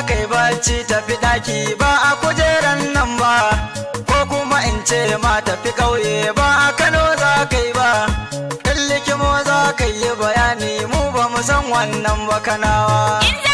kai ka bacci tafi ɗaki ba a kujeran nan ba ko kuma in ce ma tafi ƙauye ba a kano za ka ba in likimo za ka yi bayani mu ba mu san wannan ba kanawa.